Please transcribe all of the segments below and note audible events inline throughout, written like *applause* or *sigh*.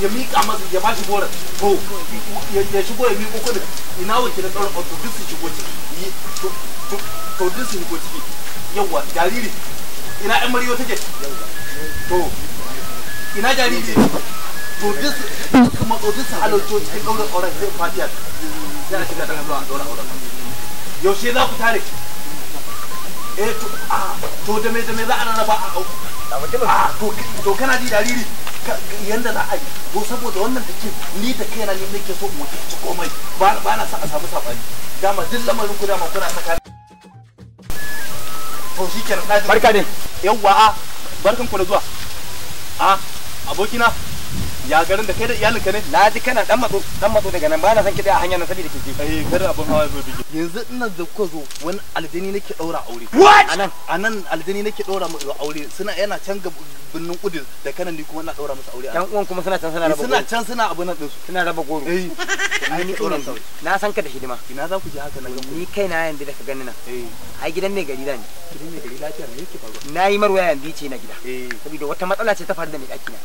ya miƙa masa ya bashi ya shigo ya kudin ina wanke na auto duk su shigo ciki to duk su shigo ciki yawa jariri ina yan mariyo take to ina jariri to duk kuma to duk su cikin ɗaurin auren shiga zuwa ɗaurin auren yaushe za ku tare eh to a ah, to da me da me za a rarraba a ah, to kana ji jariri yanda za a yi ko saboda wannan da ke ni da na ne nake so mu ci komai ba na sa a samu sabani dama duk lamarin ku dama kuna saka to shi kenan barka ne yawwa a barkan ku da zuwa a abokina ya garin da kai da iyalin ka ne na ji kana dan matso dan matso daga nan ba na san ki a hanya na saboda kike eh kar abun hawa zo bige yanzu ina da kuka zo wani aljani nake daura aure anan anan aljani nake daura mu aure suna yana can birnin kudin da kana ni kuma na daura musu aure dan uwan kuma suna can suna eh, raba suna can suna abu nan din su suna raba goro eh *laughs* ni ina na san ka da hidima ina za ku je haka na ni kai na yanda da ka gani nan eh. ai gidan ne gari da ni gidan ne gari lafiya ne yake faruwa na marwaya yanda yace na gida eh. saboda wata matsala ce ta faru da ni daki na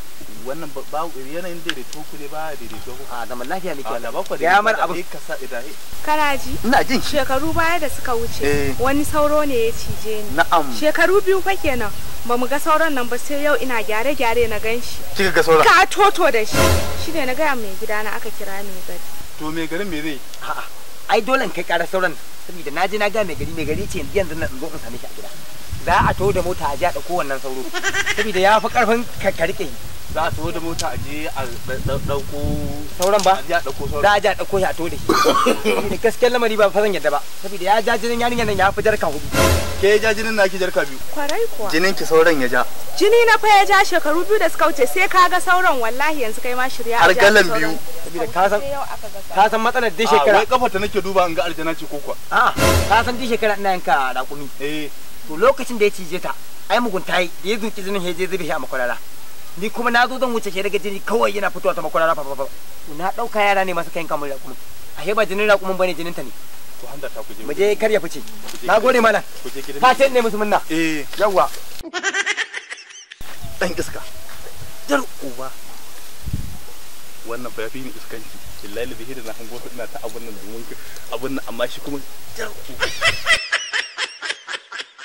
wannan ba yanayin daidaito ku ne ba daidaito ku a zaman lafiya ne ke da bakwa da yamar abu ka sa idahi karaji ina jin shekaru baya da suka wuce eh. wani sauro ne ya cije ni na'am shekaru biyu fa kenan ba mu ga sauron nan ba sai yau ina gyare gyare na gan shi kika ga sauron ka toto da shi ne na ga mai gida na aka kira mai gari to mai garin me zai a'a ai dole kai ƙara sauran saboda na je na ga mai gari mai gari ce yanzu na zo in same shi a gida za a to da mota a ji a ɗauko wannan sauro saboda ya fi ƙarfin ka rike za a tuwo da mota a je a dauko sauran ba a sauran da a je a dauko shi a tuwo da gaskiyar lamari ba zan yadda ba saboda ya ja jinin yarinyar nan ya fi jarka hudu ke ja jinin na ki jarka biyu kwarai kuwa jinin ki sauran ya ja jini na fa ya ja shekaru biyu da suka wuce sai ka ga sauran wallahi yanzu kai ma shirya har galan biyu saboda ka san ka san matsalar din ah, shekara wai kafa ta nake duba in ga aljana ce ko kuwa a ah, ka san din shekara ina yanka raƙumi eh to lokacin da ya cije ta ai mugunta yi da ya zuki jinin ya je zube shi a makwarara ni kuma na zo zan wuce shi daga jini kawai yana fitowa ta makwarara fa ba na dauka yara ne masu kayan kamar raƙumin a ba jinin raƙumin bane jinin ta ne to handa ta kuje mu je kar ya fice na gode mana ka ce ne musu munna eh yawa dan *laughs* iska dar uba wannan fa yafi ni iskanci billahi labihi da na hango ina ta abun nan abun nan amma shi kuma jar uba *laughs*